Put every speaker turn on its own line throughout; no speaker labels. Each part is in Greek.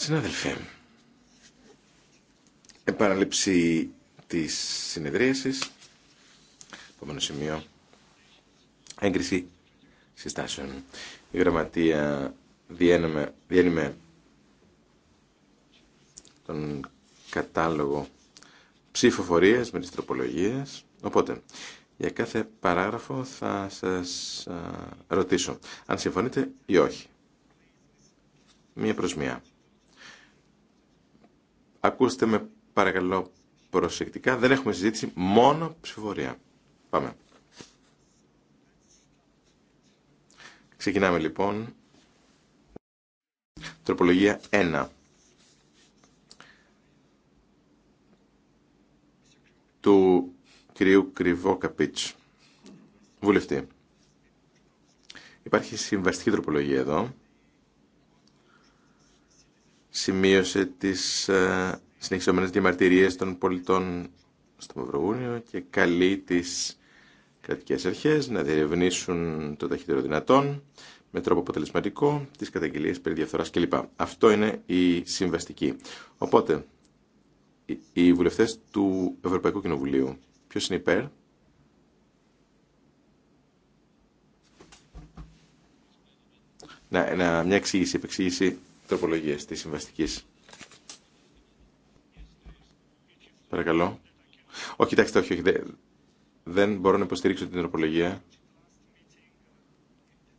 Συνάδελφοι, επαναλήψη της συνεδρίασης, επόμενο σημείο, έγκριση συστάσεων. Η γραμματεία διένυμε, διένυμε τον κατάλογο ψηφοφορία με τις τροπολογίες, οπότε για κάθε παράγραφο θα σας ρωτήσω αν συμφωνείτε ή όχι. Μία προς μία. Ακούστε με παρακαλώ προσεκτικά. Δεν έχουμε συζήτηση, μόνο ψηφοφορία. Πάμε. Ξεκινάμε λοιπόν. Τροπολογία 1. του κυρίου Βουλευτή. Υπάρχει συμβαστική τροπολογία εδώ. Σημείωσε τις ε, συνεχιζόμενες διαμαρτυρίες των πολιτών στο Μαυροβούνιο και καλεί τις κρατικές αρχές να διερευνήσουν το ταχύτερο δυνατόν με τρόπο αποτελεσματικό τις καταγγελίες περί διαφθοράς κλπ. Αυτό είναι η συμβαστική. Οπότε, οι βουλευτές του Ευρωπαϊκού Κοινοβουλίου Ποιος είναι υπέρ. Να, να, μια εξήγηση, επεξήγηση τροπολογίας της συμβαστικής. Παρακαλώ. Όχι, κοιτάξτε, όχι, όχι. Δεν μπορώ να υποστηρίξω την τροπολογία.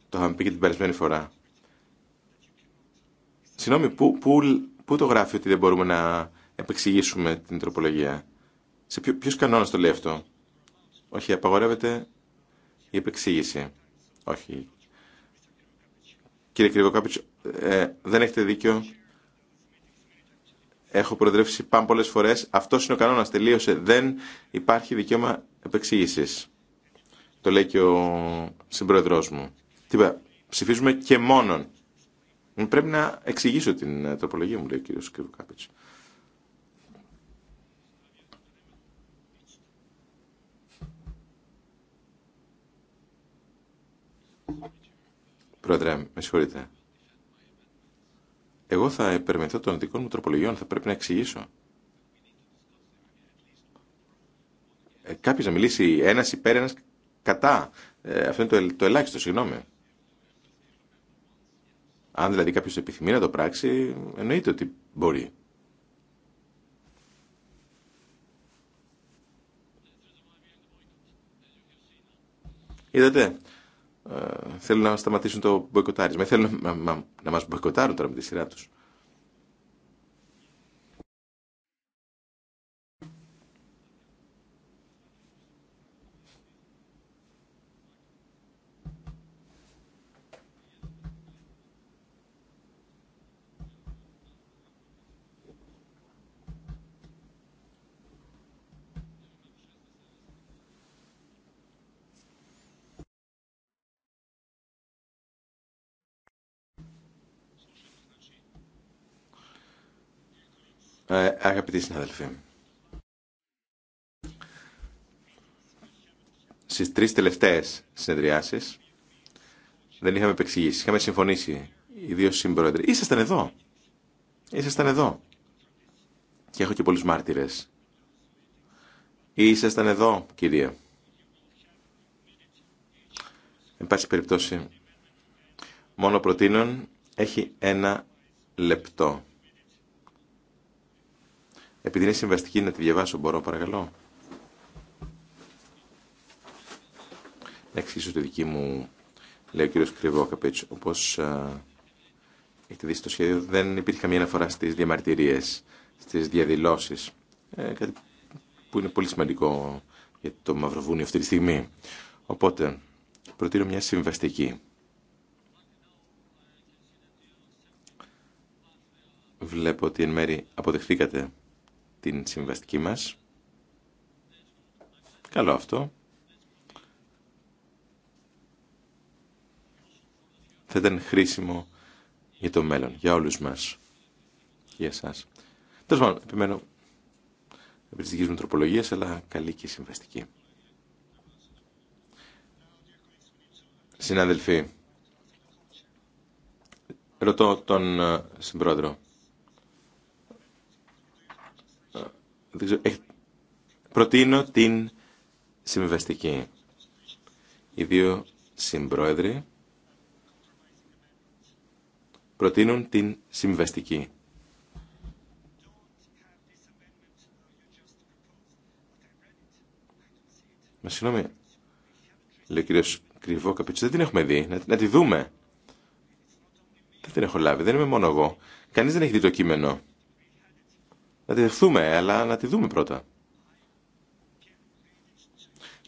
Το είχαμε πει και την περασμένη φορά. Συγγνώμη, πού, πού, πού το γράφει ότι δεν μπορούμε να επεξηγήσουμε την τροπολογία. Σε ποιο, ποιος το λέει αυτό. Όχι, απαγορεύεται η επεξήγηση. Όχι. Κύριε Κρυβοκάπιτς, ε, δεν έχετε δίκιο. Έχω προεδρεύσει πάνω πολλέ φορέ. Αυτό είναι ο κανόνα. Τελείωσε. Δεν υπάρχει δικαίωμα επεξήγηση. Το λέει και ο συμπρόεδρό μου. Τι είπα, ψηφίζουμε και μόνον. Πρέπει να εξηγήσω την ε, τροπολογία μου, λέει ο κύριο Κρυβοκάπιτς. Πρόεδρε, με συγχωρείτε. Εγώ θα επερμηθώ των δικών μου τροπολογιών, θα πρέπει να εξηγήσω. Ε, κάποιος να μιλήσει ένας υπέρ, ένας κατά. Ε, αυτό είναι το, το ελάχιστο, συγγνώμη. Αν δηλαδή κάποιος επιθυμεί να το πράξει, εννοείται ότι μπορεί. Είδατε, ε, θέλουν να σταματήσουν το μποϊκοτάρισμα. Ε, θέλουν να, να, να μας μποϊκοτάρουν τώρα με τη σειρά τους. Ε, αγαπητοί συναδελφοί, στι τρει τελευταίε συνεδριάσει δεν είχαμε επεξηγήσει. Είχαμε συμφωνήσει οι δύο συμπρόεδροι. Ήσασταν εδώ. Ήσασταν εδώ. Και έχω και πολλού μάρτυρε. Ήσασταν εδώ, κυρία. Εν πάση περιπτώσει, μόνο προτείνων έχει ένα λεπτό. Επειδή είναι συμβαστική να τη διαβάσω, μπορώ παρακαλώ. Να εξηγήσω τη δική μου, λέει ο κύριος Κρυβόκαπιτς, Όπω όπως έχετε δει στο σχέδιο, δεν υπήρχε καμία αναφορά στις διαμαρτυρίες, στις διαδηλώσεις. Ε, κάτι που είναι πολύ σημαντικό για το Μαυροβούνιο αυτή τη στιγμή. Οπότε, προτείνω μια συμβαστική. Βλέπω ότι εν μέρη αποδεχθήκατε την συμβαστική μας. Καλό αυτό. Θα ήταν χρήσιμο για το μέλλον, για όλους μας για εσάς. Τέλος πάντων, επιμένω επί της μου αλλά καλή και συμβαστική. Συναδελφοί, ρωτώ τον ε, συμπρόεδρο. προτείνω την συμβιβαστική. Οι δύο συμπρόεδροι προτείνουν την συμβιβαστική. Μα συγγνώμη, λέει ο κύριο Κρυβό Καπίτσο, δεν την έχουμε δει. Να, να τη δούμε. Δεν την έχω λάβει, δεν είμαι μόνο εγώ. Κανεί δεν έχει δει το κείμενο να τη δεχθούμε, αλλά να τη δούμε πρώτα.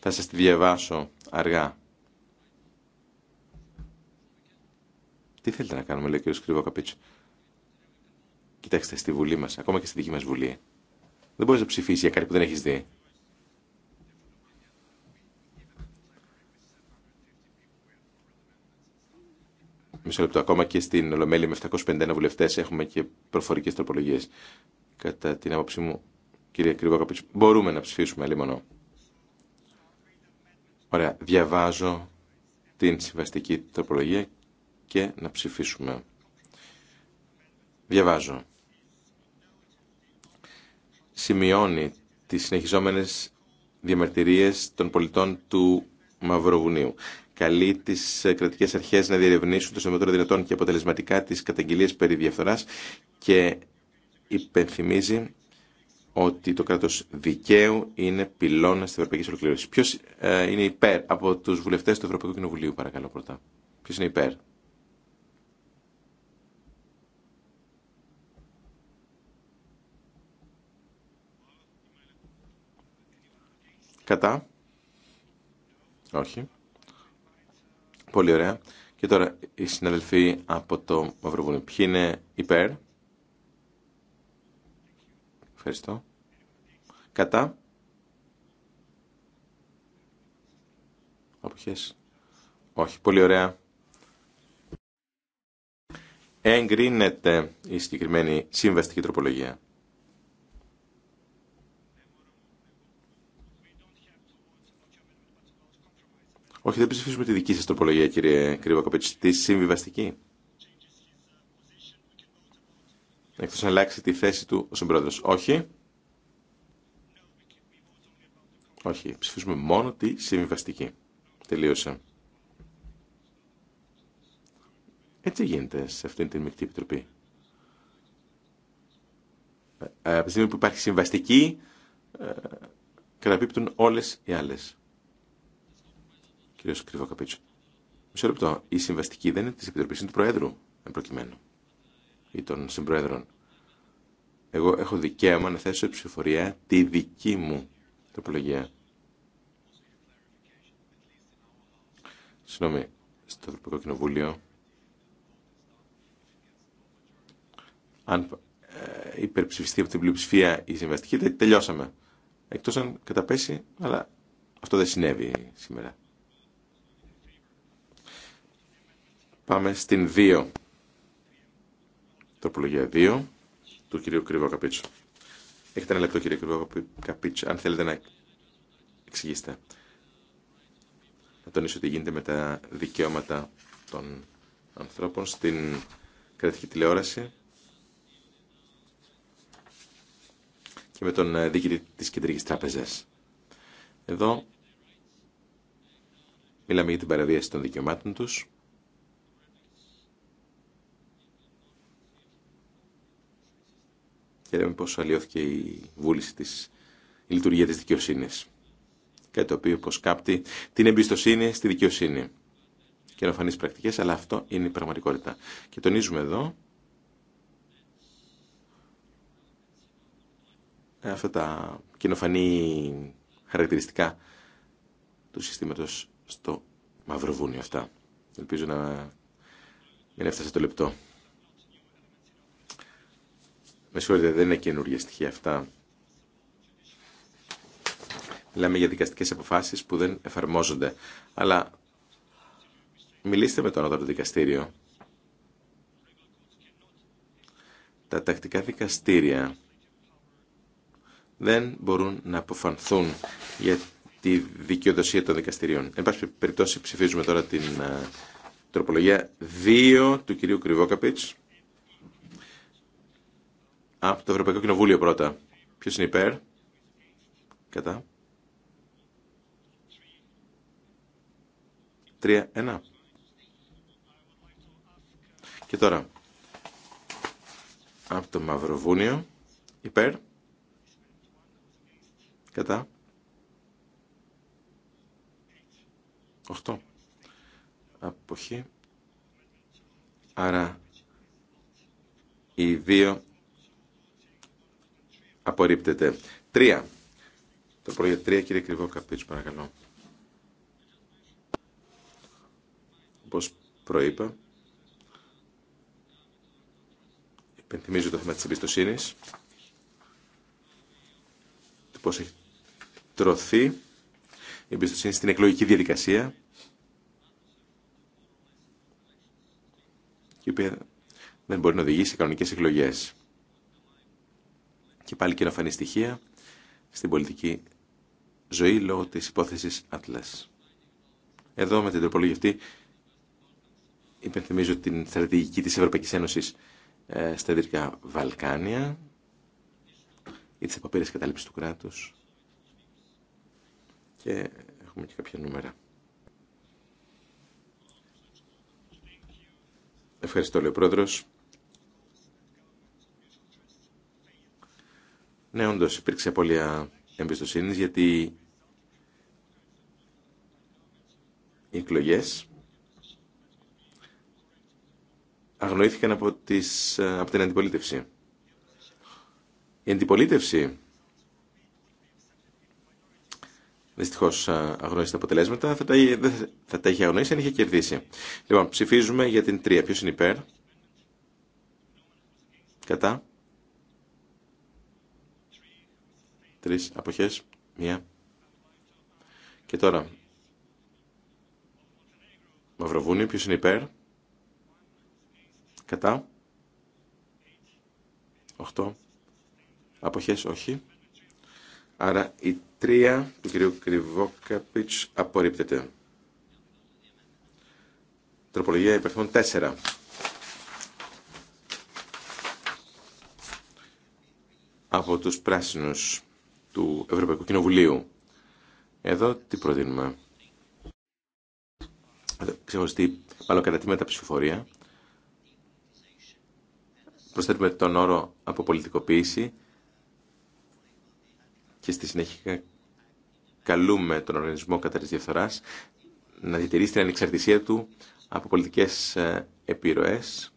Θα σας τη διαβάσω αργά. Τι θέλετε να κάνουμε, λέει ο κ. Καπίτσο. Κοιτάξτε, στη Βουλή μας, ακόμα και στη δική μας Βουλή, δεν μπορείς να ψηφίσεις για κάτι που δεν έχεις δει. Μισό λεπτό, ακόμα και στην Ολομέλη με 751 βουλευτέ έχουμε και προφορικές τροπολογίες. Κατά την άποψή μου, κυρία Καπίτσου, μπορούμε να ψηφίσουμε λίμωνο. Ωραία, διαβάζω την συμβαστική τροπολογία και να ψηφίσουμε. Διαβάζω. Σημειώνει τις συνεχιζόμενες διαμαρτυρίες των πολιτών του Μαυροβουνίου. Καλεί τι κρατικέ αρχέ να διερευνήσουν το σημαντικό δυνατόν και αποτελεσματικά τι καταγγελίε περί διαφθορά και υπενθυμίζει ότι το κράτος δικαίου είναι πυλώνα της Ευρωπαϊκής Ολοκλήρωσης. Ποιος ε, είναι υπέρ από τους βουλευτές του Ευρωπαϊκού Κοινοβουλίου, παρακαλώ πρώτα. Ποιος είναι υπέρ. Κατά. Όχι. Πολύ ωραία. Και τώρα οι συναδελφοί από το Μαυροβούλιο. Ποιοι είναι υπέρ. Ευχαριστώ. Κατά. Αποχές. Όχι. Πολύ ωραία. Εγκρίνεται η συγκεκριμένη συμβαστική τροπολογία. Όχι, δεν ψηφίσουμε τη δική σας τροπολογία, κύριε Κρύβα Κοπέτσι. Τη συμβιβαστική. Εκτός να αλλάξει τη θέση του ο συμπρόεδρος. Όχι. Όχι. Ψηφίσουμε μόνο τη συμβιβαστική. Τελείωσε. Έτσι γίνεται σε αυτήν την μεικτή επιτροπή. Ε, από τη στιγμή που υπάρχει συμβαστική, ε, καταπίπτουν όλες οι άλλες. κρυβό Καπίτσο. Μισό λεπτό. Η συμβαστική δεν είναι της Επιτροπής, είναι του Προέδρου, εν προκειμένου ή των συμπροέδρων. Εγώ έχω δικαίωμα να θέσω ψηφορία τη δική μου τροπολογία. Συγγνώμη, στο Ευρωπαϊκό Κοινοβούλιο. Αν ε, υπερψηφιστεί από την πλειοψηφία η συμβαστική, τελειώσαμε. Εκτός αν καταπέσει, αλλά αυτό δεν συνέβη σήμερα. Πάμε στην 2. Τροπολογία 2 του κυρίου Κρυβό Καπίτσου. Έχετε ένα λεπτό κύριε Κρυβό Καπίτσου, αν θέλετε να εξηγήσετε. Να τονίσω τι γίνεται με τα δικαιώματα των ανθρώπων στην κρατική τηλεόραση και με τον ε, διοικητή της Κεντρικής Τράπεζας. Εδώ μιλάμε για την παραβίαση των δικαιωμάτων τους και αλλοιώθηκε η βούληση της η λειτουργία της δικαιοσύνης. Κάτι το οποίο κάπτει την εμπιστοσύνη στη δικαιοσύνη. Και φανείς πρακτικές, αλλά αυτό είναι η πραγματικότητα. Και τονίζουμε εδώ ε, αυτά τα κοινοφανή χαρακτηριστικά του συστήματος στο Μαυροβούνιο αυτά. Ελπίζω να μην έφτασε το λεπτό. Με συγχωρείτε, δεν είναι καινούργια στοιχεία αυτά. Μιλάμε για δικαστικές αποφάσεις που δεν εφαρμόζονται. Αλλά μιλήστε με το ανώτατο δικαστήριο. Τα τακτικά δικαστήρια δεν μπορούν να αποφανθούν για τη δικαιοδοσία των δικαστηρίων. Εν πάση περιπτώσει ψηφίζουμε τώρα την ε, τροπολογία 2 του κυρίου Κρυβόκαπιτς από το Ευρωπαϊκό Κοινοβούλιο πρώτα. Ποιο είναι υπέρ. Τρία. Ένα. Και τώρα. Από το Μαυροβούνιο. Υπέρ. Κατά. Οχτώ. Αποχή. Άρα οι δύο Απορρίπτεται. Τρία. Το πρώτο τρία, κύριε Κρυβό Καπίτσου, παρακαλώ. Όπως προείπα, υπενθυμίζω το θέμα της εμπιστοσύνη. Το πώς έχει τρωθεί η εμπιστοσύνη στην εκλογική διαδικασία. η οποία δεν μπορεί να οδηγήσει σε κανονικές εκλογές και πάλι και να φανεί στοιχεία στην πολιτική ζωή λόγω της υπόθεσης Atlas. Εδώ με την τροπολογία αυτή υπενθυμίζω την στρατηγική της Ευρωπαϊκής Ένωσης ε, στα Ιδρικά Βαλκάνια ή τις κατάληψης του κράτους και έχουμε και κάποια νούμερα. Ευχαριστώ, λέει Πρόεδρος. Ναι, όντω υπήρξε απώλεια εμπιστοσύνη γιατί οι εκλογέ αγνοήθηκαν από, την αντιπολίτευση. Η αντιπολίτευση δυστυχώ αγνοήσει τα αποτελέσματα, θα τα, δεν θα τα είχε αγνοήσει αν είχε κερδίσει. Λοιπόν, ψηφίζουμε για την τρία. Ποιο είναι υπέρ, κατά, Τρεις αποχές. Μία. Και τώρα. Μαυροβούνι. Ποιος είναι υπέρ. Κατά. Οχτώ. Αποχές όχι. Άρα η τρία του κυρίου Κρυβόκαπιτς απορρίπτεται. Τροπολογία υπερθών Τέσσερα. Από τους πράσινους του Ευρωπαϊκού Κοινοβουλίου. Εδώ τι προτείνουμε. Ξεχωριστή, μάλλον τα ψηφοφορία. Προσθέτουμε τον όρο αποπολιτικοποίηση και στη συνέχεια καλούμε τον οργανισμό κατά της διαφθοράς να διατηρήσει την ανεξαρτησία του από πολιτικές ε, επιρροές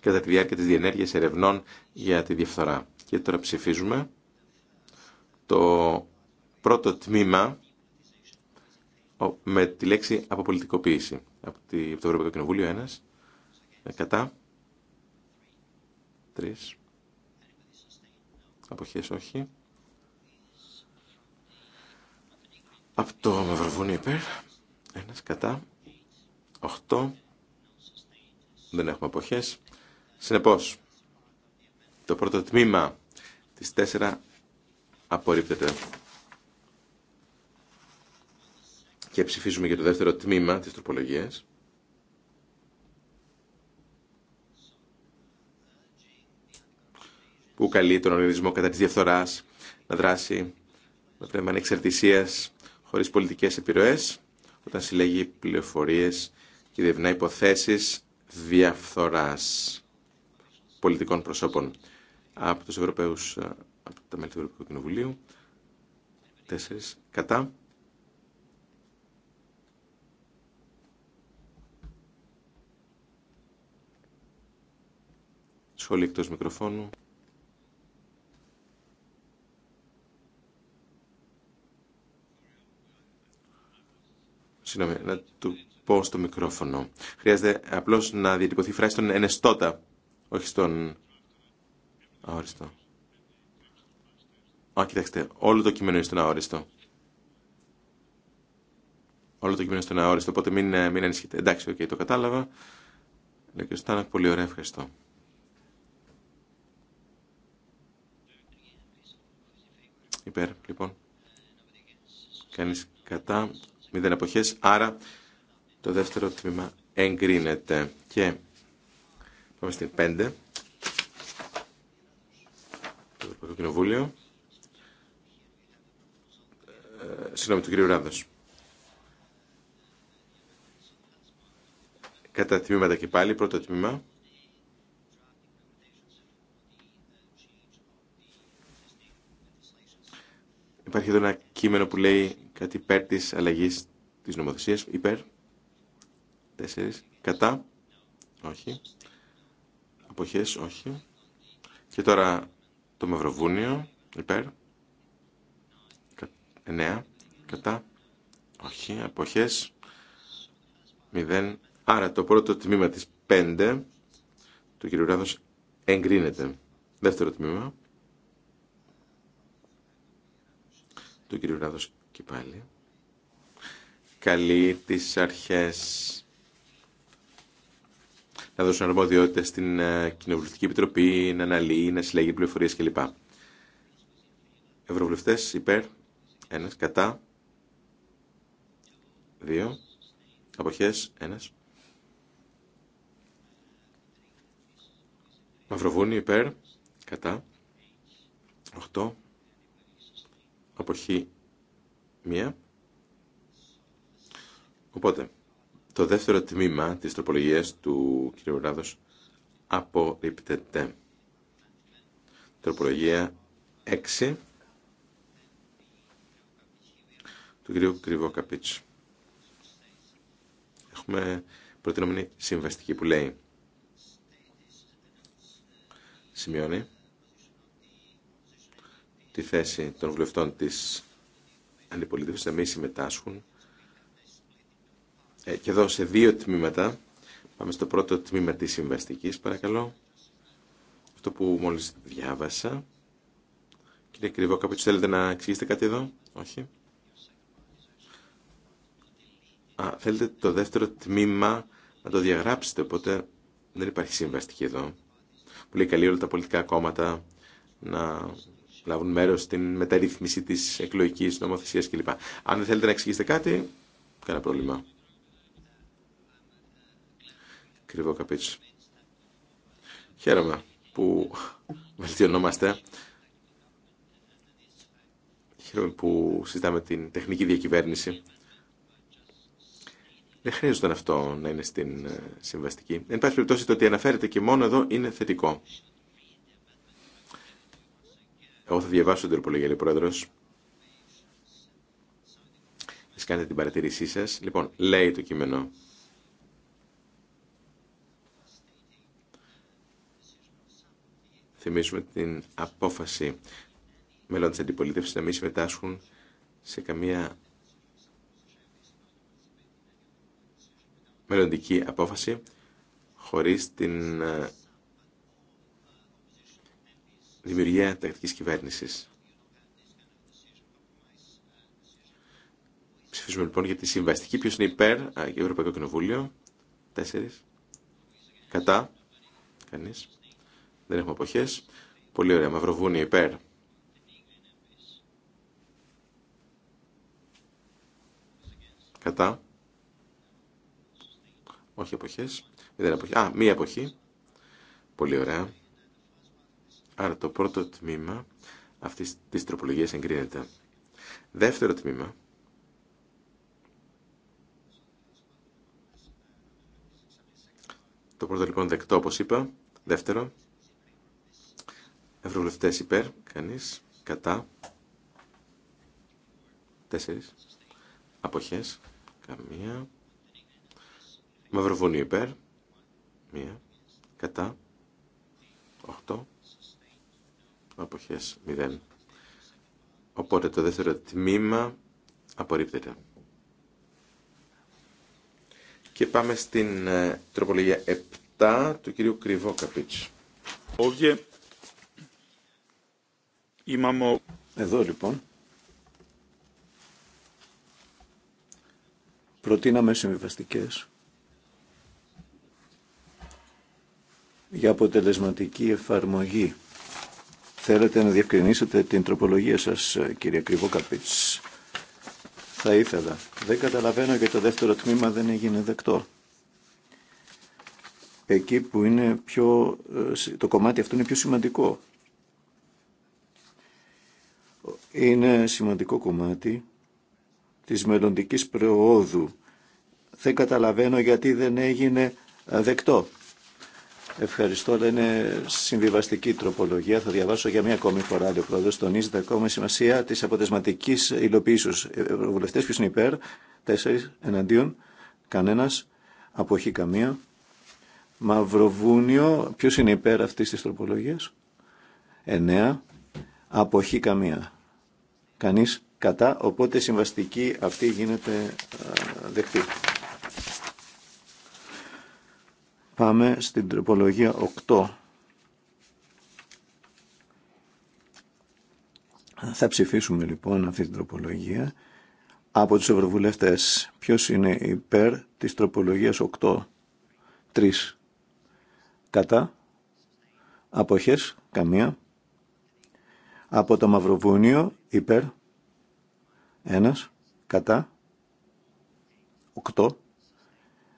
κατά τη διάρκεια της διενέργειας ερευνών για τη διαφθορά. Και τώρα ψηφίζουμε το πρώτο τμήμα με τη λέξη αποπολιτικοποίηση. Από το Ευρωπαϊκό Κοινοβούλιο ένας, ε, κατά, τρεις, αποχές όχι. Από το Μευροβούνιο υπέρ, ένας κατά, οχτώ, δεν έχουμε αποχές. Συνεπώς, το πρώτο τμήμα της τέσσερα Απορρίπτεται. Και ψηφίζουμε για το δεύτερο τμήμα της τροπολογίας. Που καλεί τον οργανισμό κατά της διαφθοράς να δράσει με πνεύμα ανεξαρτησίας χωρίς πολιτικές επιρροές όταν συλλέγει πληροφορίες και διευνά υποθέσεις διαφθοράς πολιτικών προσώπων από τους Ευρωπαίους από τα μέλη του Ευρωπαϊκού Κοινοβουλίου. 4 κατά. Σχολή εκτός μικροφώνου. Συγγνώμη, να του πω στο μικρόφωνο. Χρειάζεται απλώς να διατυπωθεί φράση στον ενεστώτα, όχι στον αόριστο. Α, κοιτάξτε, όλο το κείμενο είναι στον αόριστο. Όλο το κείμενο είναι στον αόριστο, οπότε μην, ε, μην ανησυχείτε. Εντάξει, okay, το κατάλαβα. Λέω και Στάνακ, πολύ ωραία, ευχαριστώ. Υπέρ, λοιπόν. Κανείς κατά, μηδέν εποχές, άρα το δεύτερο τμήμα εγκρίνεται. Και πάμε στην 5. Το Ευρωπαϊκό Κοινοβούλιο συγγνώμη, του κύριου Ράδος. Κατά τμήματα και πάλι, πρώτο τμήμα. Υπάρχει εδώ ένα κείμενο που λέει κάτι υπέρ της αλλαγής της νομοθεσίας. Υπέρ. Τέσσερις. Κατά. Όχι. Αποχές. Όχι. Και τώρα το Μαυροβούνιο. Υπέρ. 9 κατά όχι αποχές 0 άρα το πρώτο τμήμα της 5 του κύριο Ράδος εγκρίνεται δεύτερο τμήμα του κύριο Ράδος και πάλι καλεί τις αρχές να δώσουν αρμοδιότητα στην ε, Κοινοβουλευτική Επιτροπή, να αναλύει, να συλλέγει πληροφορίες κλπ. Ευρωβουλευτές υπέρ, ένας κατά, δύο, αποχές, ένας. Μαυροβούνι υπέρ, κατά, οχτώ, αποχή, μία. Οπότε, το δεύτερο τμήμα της τροπολογίας του κ. Ράδος απορρίπτεται. Τροπολογία 6 του κυρίου Καπίτσου. Έχουμε προτείνωμενη συμβαστική που λέει σημειώνει τη θέση των βουλευτών της αντιπολίτευσης να μην συμμετάσχουν ε, και εδώ σε δύο τμήματα πάμε στο πρώτο τμήμα της συμβαστικής παρακαλώ αυτό που μόλις διάβασα κύριε Καπίτσου θέλετε να εξηγήσετε κάτι εδώ όχι Α, θέλετε το δεύτερο τμήμα να το διαγράψετε, οπότε δεν υπάρχει συμβαστική εδώ. Που λέει καλή όλα τα πολιτικά κόμματα να λάβουν μέρο στην μεταρρύθμιση τη εκλογική νομοθεσία κλπ. Αν δεν θέλετε να εξηγήσετε κάτι, κανένα πρόβλημα. Κρυβό καπίτσο. Χαίρομαι που βελτιωνόμαστε. Χαίρομαι που συζητάμε την τεχνική διακυβέρνηση δεν χρειάζεται αυτό να είναι στην ε, συμβαστική. Εν πάση περιπτώσει το ότι αναφέρεται και μόνο εδώ είναι θετικό. Εγώ θα διαβάσω την τροπολογία, λέει πρόεδρο. Α κάνετε την παρατήρησή σα. Λοιπόν, λέει το κείμενο. Θυμίζουμε την απόφαση μελών τη αντιπολίτευση να μην συμμετάσχουν σε καμία μελλοντική απόφαση χωρίς την ε, δημιουργία τακτικής κυβέρνησης. Ψηφίζουμε λοιπόν για τη συμβαστική. Ποιος είναι υπέρ, Ευρωπαϊκό Κοινοβούλιο, τέσσερις, κατά, κανείς, δεν έχουμε αποχές. Πολύ ωραία, Μαυροβούνιο υπέρ. Κατά. Όχι εποχές. Δεν εποχή. Α, μία εποχή. Πολύ ωραία. Άρα το πρώτο τμήμα αυτής της τροπολογίας εγκρίνεται. Δεύτερο τμήμα. Το πρώτο λοιπόν δεκτό όπως είπα. Δεύτερο. Ευρωβουλευτές υπέρ. Κανείς. Κατά. Τέσσερις. Αποχές. Καμία. Μαυροβούνιοι υπέρ. Μία. Κατά. οχτώ, Αποχές μηδέν. Οπότε το δεύτερο τμήμα απορρίπτεται. Και πάμε στην ε, τροπολογία 7 του κυρίου Κρυβόκαπιτς.
Εδώ λοιπόν προτείναμε συμβιβαστικές για αποτελεσματική εφαρμογή. Θέλετε να διευκρινίσετε την τροπολογία σας, κύριε Κρυβόκαπιτς. Θα ήθελα. Δεν καταλαβαίνω γιατί το δεύτερο τμήμα δεν έγινε δεκτό. Εκεί που είναι πιο... Ε, το κομμάτι αυτό είναι πιο σημαντικό. Είναι σημαντικό κομμάτι της μελλοντικής προόδου. Δεν καταλαβαίνω γιατί δεν έγινε ε, δεκτό. Ευχαριστώ. Είναι συμβιβαστική τροπολογία. Θα διαβάσω για μία ακόμη φορά, λέει ο πρόεδρο. Τονίζεται ακόμα σημασία τη αποτελεσματική υλοποίηση. Ε, Ευρωβουλευτέ, ποιο είναι υπέρ. Τέσσερι εναντίον. Κανένα. Αποχή καμία. Μαυροβούνιο. Ποιο είναι υπέρ αυτή τη τροπολογία. Εννέα. Αποχή καμία. Κανεί κατά. Οπότε συμβαστική αυτή γίνεται δεκτή. Πάμε στην τροπολογία 8. Θα ψηφίσουμε λοιπόν αυτή την τροπολογία από τους ευρωβουλευτές. Ποιος είναι υπέρ της τροπολογίας 8. 3. Κατά. Αποχές. Καμία. Από το Μαυροβούνιο. Υπέρ. Ένας. Κατά. 8.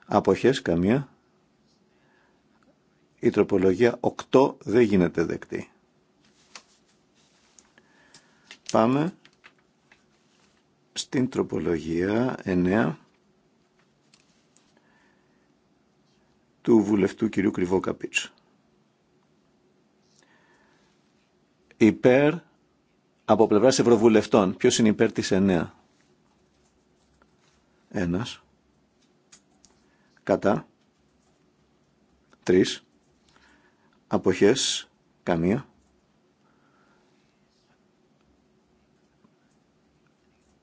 Αποχές. Καμία. Η τροπολογία 8 δεν γίνεται δεκτή. Πάμε στην τροπολογία 9 του βουλευτού κυρίου κρυβόκαπιτ. Υπέρ από πλευράς ευρωβουλευτών. Ποιος είναι υπέρ της 9. Ένας. Κατά. Τρεις. Αποχές. Καμία.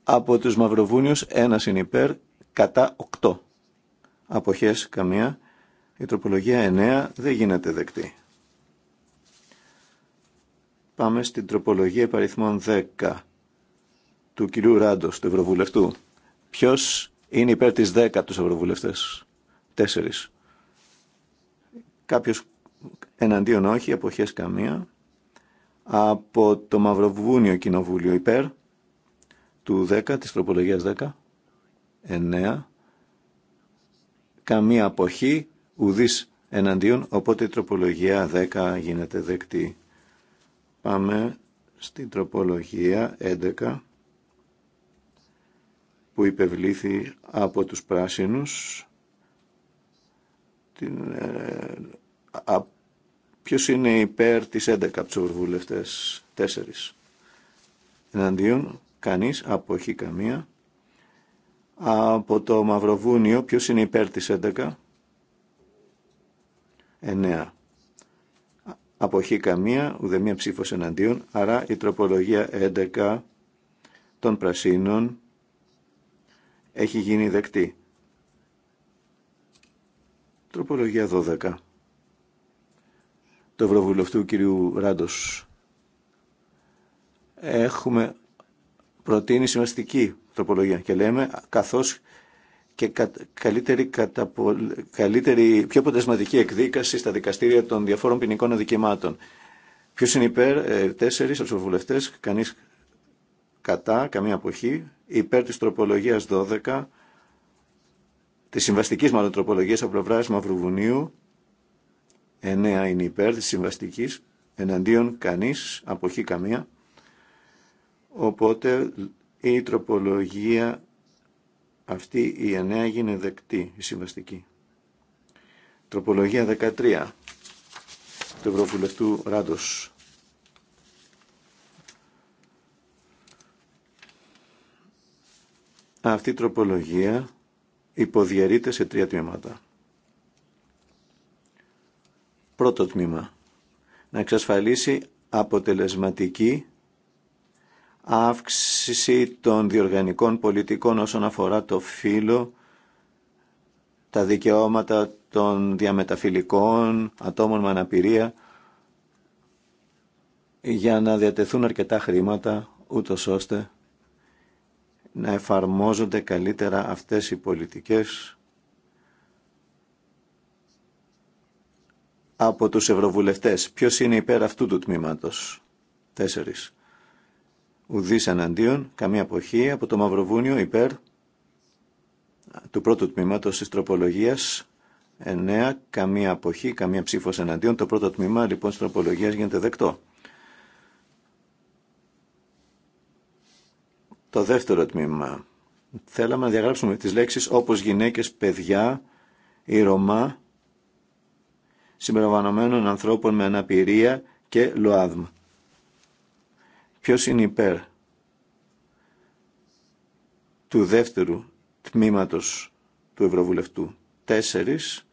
Από τους Μαυροβούνιους ένας είναι υπέρ κατά 8. Αποχές καμία. Η τροπολογία 9 δεν γίνεται δεκτή. Πάμε στην τροπολογία παριθμών 10 του κυρίου Ράντος, του Ευρωβουλευτού. Ποιος είναι υπέρ της 10 τους Ευρωβουλευτές. Τέσσερις. Κάποιος εναντίον όχι, εποχές καμία, από το Μαυροβούνιο Κοινοβούλιο υπέρ του 10, της τροπολογίας 10, 9, καμία αποχή, ουδής εναντίον, οπότε η τροπολογία 10 γίνεται δεκτή. Πάμε στην τροπολογία 11 που υπευλήθη από τους πράσινους την ε, Α, ποιος είναι υπέρ της 11 από τους ευρωβουλευτές, 4. Εναντίον, κανείς, αποχή καμία. Από το Μαυροβούνιο, ποιος είναι υπέρ της 11. 9. Αποχή καμία, ουδέμια ψήφος εναντίον, άρα η τροπολογία 11 των πρασίνων έχει γίνει δεκτή. Τροπολογία 12 του Ευρωβουλευτού κ. Ράντος. Έχουμε προτείνει συμβαστική τροπολογία και λέμε καθώς και καλύτερη, κατα, καλύτερη, πιο αποτελεσματική εκδίκαση στα δικαστήρια των διαφόρων ποινικών αδικημάτων. Ποιο είναι υπέρ, ε, τέσσερι Ευρωβουλευτέ, κανεί κατά, καμία αποχή, υπέρ τη τροπολογία 12, τη συμβαστική μάλλον τροπολογία από πλευρά Μαυροβουνίου, 9 είναι υπέρ της συμβαστικής, εναντίον κανείς, αποχή καμία. Οπότε η τροπολογία αυτή η 9 γίνεται δεκτή, η συμβαστική. Τροπολογία 13 του Ευρωβουλευτού Ράντος. Αυτή η τροπολογία υποδιαιρείται σε τρία τμήματα. Πρώτο τμήμα. Να εξασφαλίσει αποτελεσματική αύξηση των διοργανικών πολιτικών όσον αφορά το φύλλο, τα δικαιώματα των διαμεταφυλικών, ατόμων με αναπηρία, για να διατεθούν αρκετά χρήματα, ούτω ώστε να εφαρμόζονται καλύτερα αυτές οι πολιτικές από τους ευρωβουλευτές. Ποιος είναι υπέρ αυτού του τμήματος. Τέσσερις. Ουδής αναντίον, καμία αποχή από το Μαυροβούνιο υπέρ του πρώτου τμήματος της τροπολογίας. Εννέα. Καμία αποχή, καμία ψήφος εναντίον. Το πρώτο τμήμα λοιπόν της τροπολογίας γίνεται δεκτό. Το δεύτερο τμήμα. Θέλαμε να διαγράψουμε τις λέξεις όπως γυναίκες, παιδιά, η Ρωμά συμπεριλαμβανομένων ανθρώπων με αναπηρία και ΛΟΑΔΜ. Ποιος είναι υπέρ του δεύτερου τμήματος του Ευρωβουλευτού. Τέσσερις,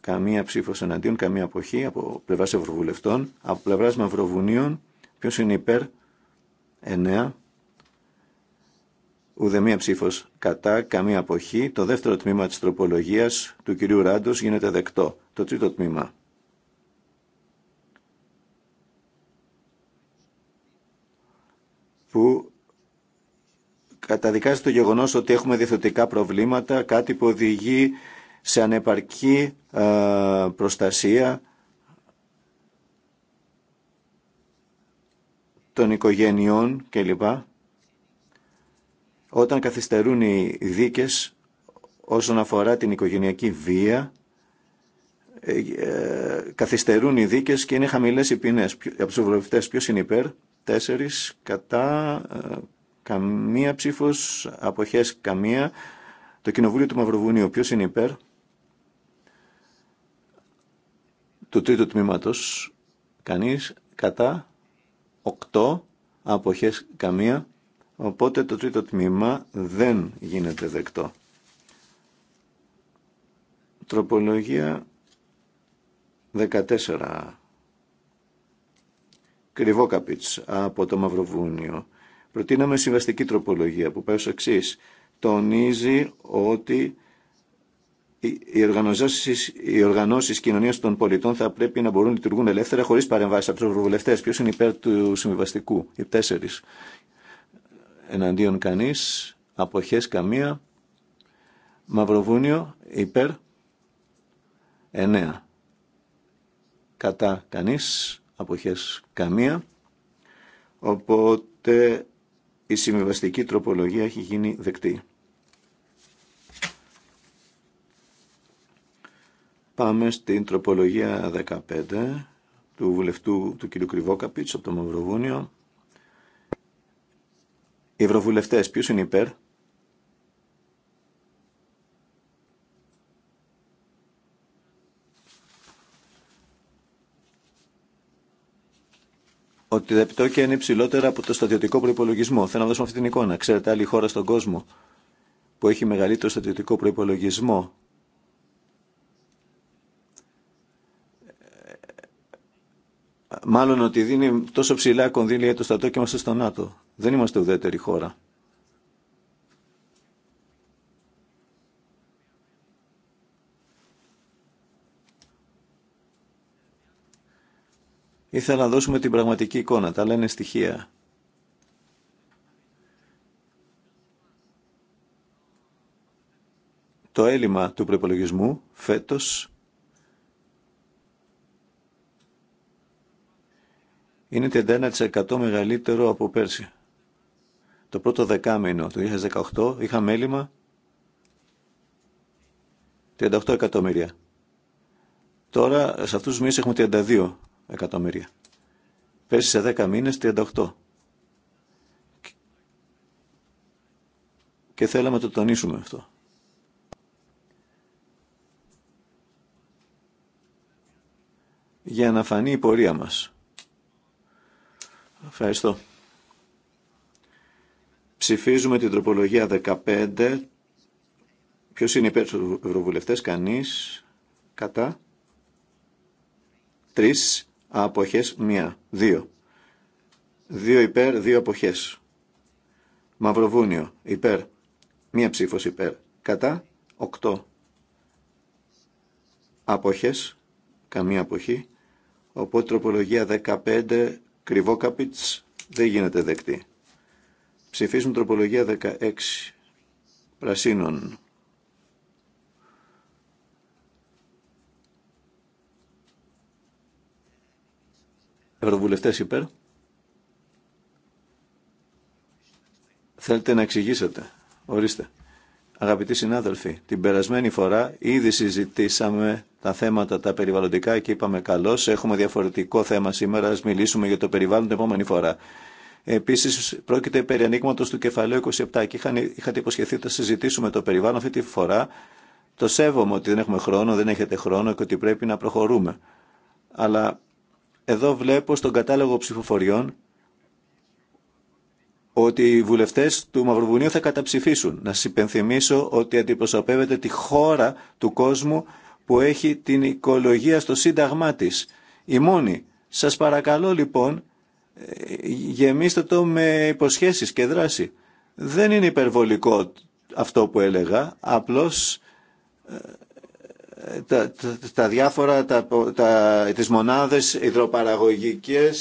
καμία ψήφος εναντίον, καμία αποχή από πλευράς Ευρωβουλευτών, από πλευράς Μαυροβουνίων, ποιος είναι υπέρ, εννέα, ουδεμία ψήφο, κατά, καμία αποχή. Το δεύτερο τμήμα της τροπολογίας του κυρίου Ράντος γίνεται δεκτό. Το τρίτο τμήμα. Που καταδικάζει το γεγονός ότι έχουμε διεθνωτικά προβλήματα, κάτι που οδηγεί σε ανεπαρκή ε, προστασία των οικογένειών κλπ όταν καθυστερούν οι δίκες όσον αφορά την οικογενειακή βία, ε, καθυστερούν οι δίκες και είναι χαμηλές οι ποινές. Από τους βουλευτές. ποιος είναι υπέρ, τέσσερις, κατά, ε, καμία ψήφος, αποχές καμία. Το Κοινοβούλιο του Μαυροβουνίου ποιος είναι υπέρ, του τρίτου τμήματος, κανείς, κατά, οκτώ, αποχές καμία. Οπότε το τρίτο τμήμα δεν γίνεται δεκτό. Τροπολογία 14. Κρυβόκαπιτς από το Μαυροβούνιο. Προτείναμε συμβαστική τροπολογία που πάει ως εξή. Τονίζει ότι οι οργανώσεις, οι οργανώσεις κοινωνίας των πολιτών θα πρέπει να μπορούν να λειτουργούν ελεύθερα χωρίς παρεμβάσεις από τους ευρωβουλευτές. Ποιος είναι υπέρ του συμβιβαστικού, οι τέσσερις εναντίον κανείς, αποχές καμία, Μαυροβούνιο υπέρ εννέα. Κατά κανείς, αποχές καμία. Οπότε η συμβιβαστική τροπολογία έχει γίνει δεκτή. Πάμε στην τροπολογία 15 του βουλευτού του κ. Κρυβόκαπιτς από το Μαυροβούνιο οι ευρωβουλευτές ποιος είναι υπέρ? Ότι τα επιτόκια είναι υψηλότερα από το στατιωτικό προπολογισμό. Θέλω να δώσουμε αυτή την εικόνα. Ξέρετε άλλη χώρα στον κόσμο που έχει μεγαλύτερο στατιωτικό προπολογισμό μάλλον ότι δίνει τόσο ψηλά κονδύλια για το στρατό και είμαστε στο ΝΑΤΟ. Δεν είμαστε ουδέτερη χώρα. Ήθελα να δώσουμε την πραγματική εικόνα, τα λένε στοιχεία. Το έλλειμμα του προπολογισμού φέτος είναι 31% μεγαλύτερο από πέρσι. Το πρώτο δεκάμινο του 2018 είχαμε έλλειμμα 38 εκατομμύρια. Τώρα σε αυτούς τους μήνες έχουμε 32 εκατομμύρια. Πέρσι σε 10 μήνες 38. Και θέλαμε να το τονίσουμε αυτό. Για να φανεί η πορεία μας. Ευχαριστώ. Ψηφίζουμε την τροπολογία 15. Ποιος είναι υπέρ του ευρωβουλευτές, κανείς, κατά. Τρεις, αποχές, μία, δύο. Δύο υπέρ, δύο αποχές. Μαυροβούνιο, υπέρ, μία ψήφος υπέρ, κατά, οκτώ. Αποχές, καμία αποχή. Οπότε τροπολογία 15 Κρυβόκαπιτς δεν γίνεται δεκτή. Ψηφίσουν τροπολογία 16 πρασίνων. Ευρωβουλευτές υπέρ. Θέλετε να εξηγήσετε. Ορίστε. Αγαπητοί συνάδελφοι, την περασμένη φορά ήδη συζητήσαμε τα θέματα τα περιβαλλοντικά και είπαμε καλώς, έχουμε διαφορετικό θέμα σήμερα, α μιλήσουμε για το περιβάλλον την επόμενη φορά. Επίση, πρόκειται περί ανοίγματο του κεφαλαίου 27 και είχατε υποσχεθεί ότι θα συζητήσουμε το περιβάλλον αυτή τη φορά. Το σέβομαι ότι δεν έχουμε χρόνο, δεν έχετε χρόνο και ότι πρέπει να προχωρούμε. Αλλά εδώ βλέπω στον κατάλογο ψηφοφοριών ότι οι βουλευτές του Μαυροβουνίου θα καταψηφίσουν. Να σα υπενθυμίσω ότι αντιπροσωπεύεται τη χώρα του κόσμου που έχει την οικολογία στο σύνταγμά τη. Η μόνη. Σας παρακαλώ λοιπόν ε, γεμίστε το με υποσχέσεις και δράση. Δεν είναι υπερβολικό αυτό που έλεγα, απλώς ε, ε, τα, τα, διάφορα, τα, τα, τις μονάδες υδροπαραγωγικές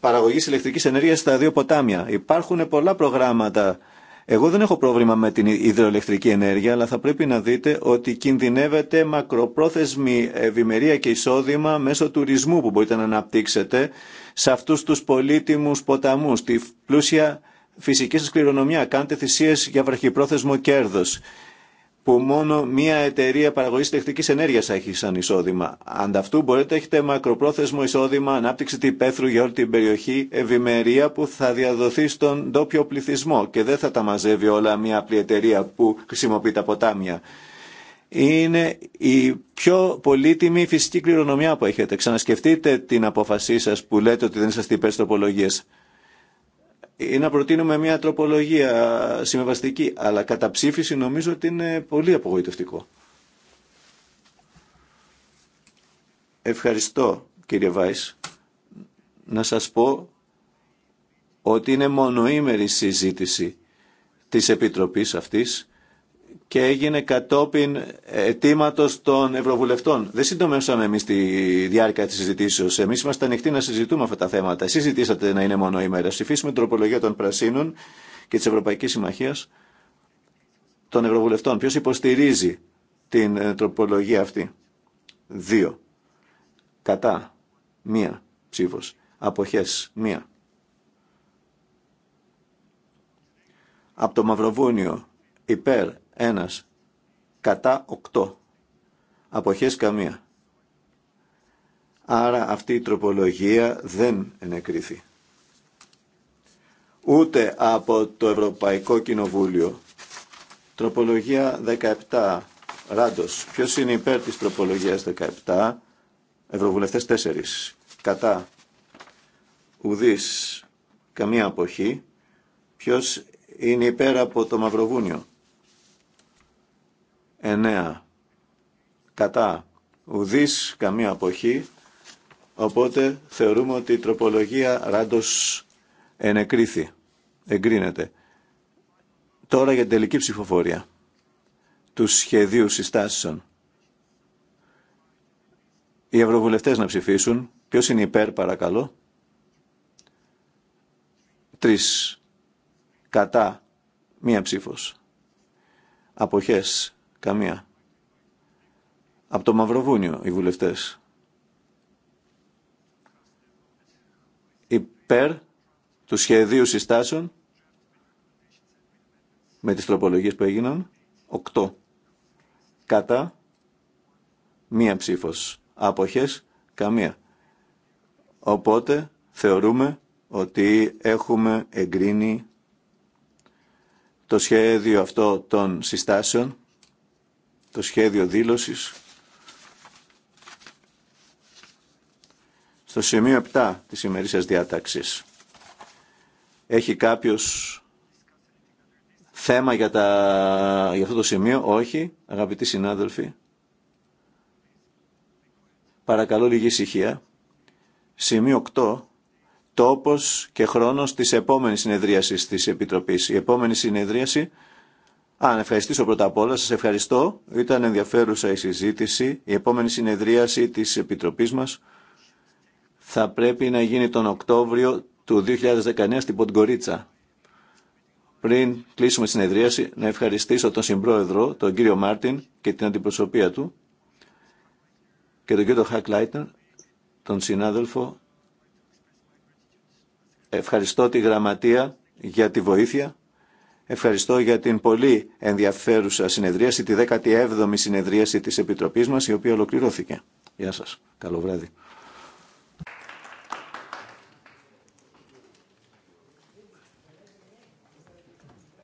Παραγωγή ηλεκτρικής ενέργειας στα δύο ποτάμια. Υπάρχουν πολλά προγράμματα. Εγώ δεν έχω πρόβλημα με την υδροελεκτρική ενέργεια, αλλά θα πρέπει να δείτε ότι κινδυνεύεται μακροπρόθεσμη ευημερία και εισόδημα μέσω τουρισμού που μπορείτε να αναπτύξετε σε αυτούς τους πολύτιμους ποταμούς, τη πλούσια φυσική σας κληρονομιά. Κάντε θυσίες για βραχυπρόθεσμο κέρδος που μόνο μία εταιρεία παραγωγής τεχνικής ενέργειας έχει σαν εισόδημα. Ανταυτού μπορείτε να έχετε μακροπρόθεσμο εισόδημα, ανάπτυξη τυπέθρου πέθρου για όλη την περιοχή, ευημερία που θα διαδοθεί στον ντόπιο πληθυσμό και δεν θα τα μαζεύει όλα μία απλή εταιρεία που χρησιμοποιεί τα ποτάμια. Είναι η πιο πολύτιμη φυσική κληρονομιά που έχετε. Ξανασκεφτείτε την αποφασή σας που λέτε ότι δεν είσαστε υπέρ ή να προτείνουμε μια τροπολογία συμβαστική, αλλά κατά ψήφιση νομίζω ότι είναι πολύ απογοητευτικό. Ευχαριστώ κύριε Βάης. Να σας πω ότι είναι μονοήμερη συζήτηση της Επιτροπής αυτής και έγινε κατόπιν αιτήματο των Ευρωβουλευτών. Δεν συντομεύσαμε εμεί τη διάρκεια τη συζητήσεω. Εμεί είμαστε ανοιχτοί να συζητούμε αυτά τα θέματα. Εσεί ζητήσατε να είναι μόνο ημέρα. Συμφίσουμε την τροπολογία των Πρασίνων και τη Ευρωπαϊκή Συμμαχία των Ευρωβουλευτών. Ποιο υποστηρίζει την ε, τροπολογία αυτή. Δύο. Κατά. Μία ψήφο. Αποχέ. Μία. Από το Μαυροβούνιο υπέρ ένας. Κατά οκτώ Αποχές καμία. Άρα αυτή η τροπολογία δεν ενεκρίθη. Ούτε από το Ευρωπαϊκό Κοινοβούλιο. Τροπολογία 17. Ράντος. Ποιος είναι υπέρ της τροπολογίας 17. Ευρωβουλευτές 4. Κατά. Ουδής. Καμία αποχή. Ποιος είναι υπέρ από το Μαυροβούνιο. 9. Κατά. Ουδής καμία αποχή. Οπότε θεωρούμε ότι η τροπολογία ράντος ενεκρίθη. Εγκρίνεται. Τώρα για την τελική ψηφοφορία του σχεδίου συστάσεων. Οι ευρωβουλευτές να ψηφίσουν. Ποιος είναι υπέρ παρακαλώ. Τρεις. Κατά. Μία ψήφος. Αποχές. Καμία. Από το Μαυροβούνιο οι βουλευτές. Υπέρ του σχεδίου συστάσεων με τις τροπολογίες που έγιναν 8. Κατά μία ψήφος. Αποχές καμία. Οπότε θεωρούμε ότι έχουμε εγκρίνει το σχέδιο αυτό των συστάσεων το σχέδιο δήλωσης στο σημείο 7 της ημερήσιας διάταξης. Έχει κάποιος θέμα για, τα... για αυτό το σημείο. Όχι, αγαπητοί συνάδελφοι. Παρακαλώ λίγη ησυχία. Σημείο 8. Τόπος και χρόνος της επόμενης συνεδρίασης της Επιτροπής. Η επόμενη συνεδρίαση Α, να ευχαριστήσω πρώτα απ' όλα. Σας ευχαριστώ. Ήταν ενδιαφέρουσα η συζήτηση. Η επόμενη συνεδρίαση της Επιτροπής μας θα πρέπει να γίνει τον Οκτώβριο του 2019 στην Ποντγκορίτσα. Πριν κλείσουμε τη συνεδρίαση, να ευχαριστήσω τον συμπρόεδρο, τον κύριο Μάρτιν και την αντιπροσωπεία του και τον κύριο Χακ Λάιτερ, τον συνάδελφο. Ευχαριστώ τη γραμματεία για τη βοήθεια Ευχαριστώ για την πολύ ενδιαφέρουσα συνεδρίαση, τη 17η συνεδρίαση της Επιτροπής μας, η οποία ολοκληρώθηκε. Γεια σας. Καλό βράδυ.